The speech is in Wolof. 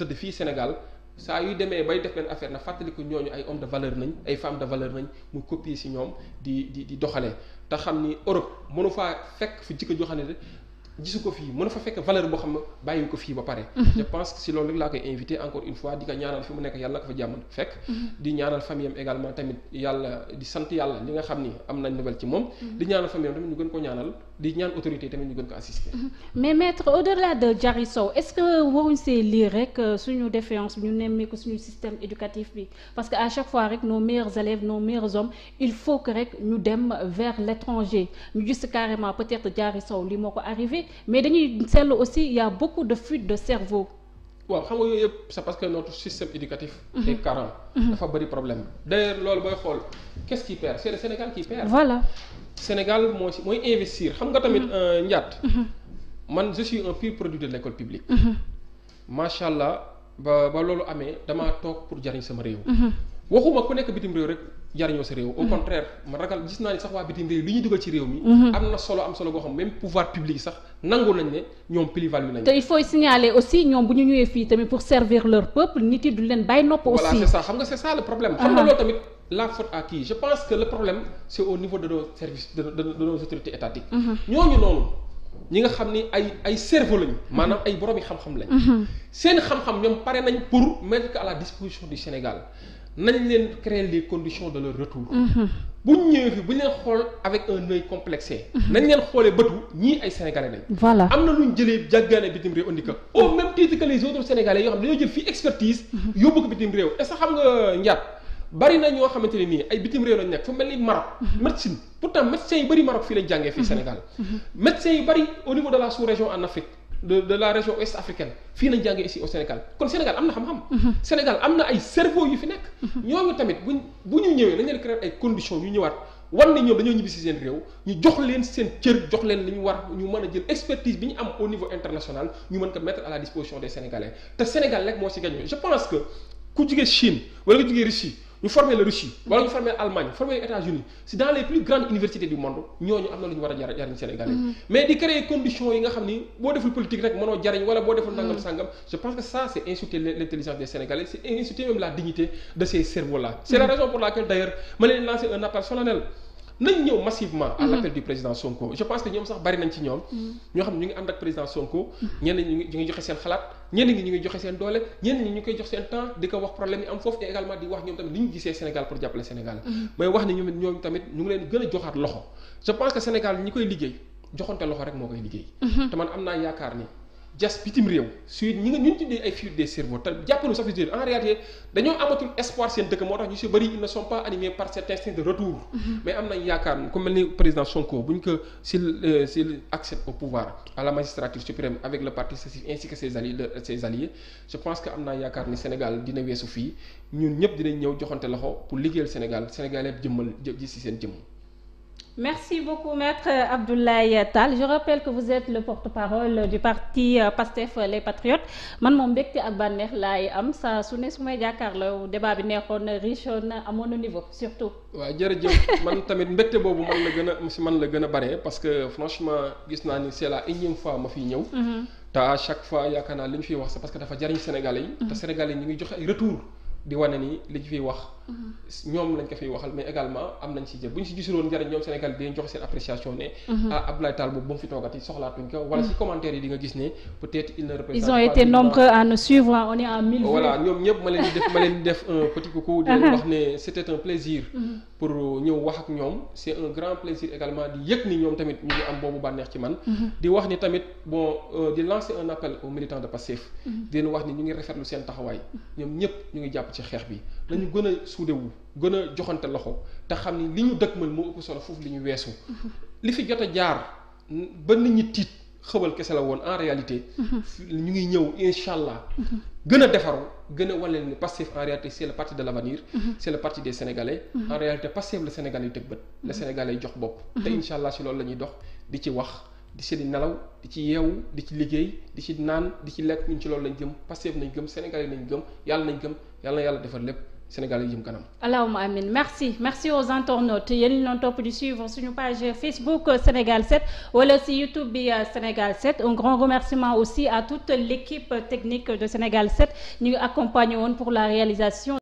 tëdd fii Sénégal saa yu demee bay def benn affaire na fàttaliku ñooñu ay homme de valeur nañ ay femme de valeur nañ mu copier ci ñoom di doxalee te xam ni Europe mënu faa fekk fi jikko joo xam ne gisu ko fii mënu fa fekk valeur boo xam ne bàyyi ko fii ba pare mhm. je pense que si loolu rek laa koy invité encore une fois di ko mhm. ñaanal famille am également tamit yàlla di sant yàlla li nga xam ni am nañ nouvelle ci moom mhm. di ñaanal famille am tamit ñu gën ko ñaanal di ñaan autorité tamit ñu gën ko assister. Mhm. mais maître au-delà de Diary Sow est-ce que waruñ se lii rek euh, suñu défiance ñu nemmeeku suñu système éducatif bi parce que à chaque fois rek nos meilleurs élèves nos meilleurs hommes il faut que rek ñu dem vers l'étranger ñu gis carrément peut-être jaari Sow li moo ko arrivé mais dañuy seetlu aussi il a beaucoup de fuite de cerveau. waaw xam nga yooyu yëpp c'est parce que notre système éducatif. Mhm. est carent. Mhm. dafa bëri problème d'ailleurs loolu booy xool qu'est-ce qui perd c'est le Sénégal qui perd. voilà Sénégal moo si mooy investir xam nga tamit mhm. euh, njaat. man je suis un pur produit de l'école publique. macha allah ba ba loolu amee damaa toog pour jariñ sama réew. waxuma ku nekk bitim réew rek jariñoo sa réew. au mhm. contraire man ragal gis naa ni sax waa bitim réew li ñuy dugal ci réew mi. Mhm. am na solo am solo goo xam même pouvoir public sax nangu nañ ne ñoom plus-value nañ. te il faut signaler aussi ñoom bu ñu ñëwee fii tamit pour servir leur peuple nit yi du leen bàyyi nopp. aussi voilà c'est ça xam nga c'est ça le problème. xam nga uh-huh. loolu tamit la faute à qui je pense que le problème c'est au niveau de nos services de nos autorités étatiques. Uh-huh. ñi nga xam ni ay ay cerveau lañu. Uh-huh. maanaam ay boroomi xam-xam lañ. seen xam-xam ñoom pare nañ pour mettre la disposition du Sénégal nañ leen créer les condition de leur retour. Mm-hmm. bu ñu ñëwee fii bu ñu leen xool avec un œil complexé. Mm-hmm. nañ leen xoolee bëtu ñii ay sénégalais lañ. voilà am na lu ñu jëlee jàggaane bitim réew indi ko. au mm-hmm. même titre que les autres sénégalais yoo xam nga njaat bari na ñoo xamante ne nii ay bitim réew lañ nekk fu mel ni Maroc. médecine pourtant médecins yu bari Maroc fii lañ jàngee fii Sénégal. médecins yu bari au niveau de la sous-région en Afrique. de de la région ouest africaine fii lañ jàngee ici au Sénégal kon Sénégal am na xam-xam. Sénégal am na ay cerveau yu fi nekk. ñooñu tamit buñ bu ñu ñëwee nañu leen créer ay conditions yu ñëwaat war ne ñoom dañoo ñibbi si seen réew ñu jox leen seen cër jox leen li ñu war ñu mën a jël expertise bi ñu am au niveau international ñu mën ko mettre à la disposition des Sénégalais te Sénégal rek moo si gagné je pense que ku jugee Chine wala ku jugee Russie. ñu former la Russie wala ñu former Allemagne former États-Unis si dans les plus grandes universités du monde ñooñu am na lu ñu war a jariñ Sénégalais mm-hmm. mais di créer conditions yi nga xam ni boo deful politique rek mënoo jariñ wala boo deful nangam mm-hmm. sangam je pense que ça c'est insulter l'intelligence des Sénégalais c'est insulter même la dignité de ces cerveaux là c'est la mm-hmm. raison pour laquelle d'ailleurs ma leen lancer un appel solennel nañ ñëw massivement à mhm. l'appel du président Sonko je pense que ñoom sax bari nañ ci ñoom mhm. ñoo xam ne ñu ngi ànd ak président Sonko mhm. ñenn ñu ngi joxe seen xalaat ñenn ñu ngi joxe seen doole ñenn ñi ñu koy jox seen temps di ko wax problème yi am foofu également di wax ñoom tamit li ñu gisee Sénégal pour jàppale Sénégal mais wax ni ñoom tamit ñu ngi leen gën a joxaat loxo je pense que Sénégal ñi koy liggéey joxante loxo rek moo koy liggéey te man jas bitim réew suy ñi nga ñun tuddee ay fuites des cerveaux te jàppanu sax fi en réalité dañoo amatul espoir seen dëkk moo tax ñu si bëri ils ne sont pas animés par de retour mhm. mais am nañ yaakaar ku mel ni président Sonko bu ñu ko s'il euh, s'il accède au pouvoir à la magistrature suprême avec le parti socialiste ainsi que ses alliés ses alliés je pense que am naa yaakaar ni Sénégal dina weesu fii ñun ñëpp dinañ ñëw joxante loxo pour liggéeyal Sénégal Sénégal yëpp jëmmal ji si seen jëmm Merci beaucoup, Maître Abdoulaye Tall. Je rappelle que vous êtes le porte-parole du parti euh, PASTEF les Patriotes. man moom mbégte ak bànneex laa am sa su ne su may jàkkaarloo débat bi neexoon na riche na amoon na niveau surtout. waa jërëjëf man tamit mbégte boobu man la gën a si man la gën a bare parce que franchement gis naa ni c'est la énième fois ma fiy ñëw. Mhm. te à chaque fois yaakaar naa li ñu fiy wax c'est parce que dafa jariñ Sénégalais yi. Mhm. te Sénégalais yi ñu ngi joxe ay retour di wane ni li ñu fiy wax. ñoom lañ ko fiy waxal mais également am nañ si jël si gisuloon njëriñ ñoom Sénégal bi jox seen appréciation ne mhm. ah Abdoulaye boobu ba mu fi toogati soxlaatuñ ko wala si mhm. commentaire yi di gis ne peut-être il ne représente ma leen di def ma leen di def un petit mhm. boobu bànneex ci man di wax ni tamit bon euh, di lancer un appel aux militants de Pastef di leen wax ni ñu ngi rafetlu seen taxawaay ñoom ñëpp ñu ngi jàpp ci xeex bi lañu gën a suude wu gën a joxante loxo te xam ni li ñu mën moo ëpp solo foofu li ñu weesu. Mm-hmm. li fi jot a jaar ba nit ñi tiit xëbal kese la woon en réalité. Mm-hmm. ñu ngi ñëw incha allah. Mm-hmm. gën a defaru gën a wane ni Pastef en réalité c' est le de l' avenir. c' est le parti des sénégalais. en réalité Pastef la Sénégal yi tëg bët. la Sénégal yi jox bopp. te incha allah si loolu la ñuy dox di ci wax. di ci nelaw di ci yeewu di ci liggéey di ci naan di ci lekk ñu ci loolu lañ gëm Pastef nañ gëm Sénégal yi nañ gëm yàlla nañ gëm yàlla na yàlla defar lépp Sénégal yi jëm kanam. allahumma amin merci merci aux internautes yéen ñu doon topp di suivre suñu page Facebook euh, Sénégal 7 wala si YouTube bi euh, Sénégal 7 un grand remerciement aussi à toute l'équipe technique de Sénégal 7 ñu accompagné woon pour la réalisation.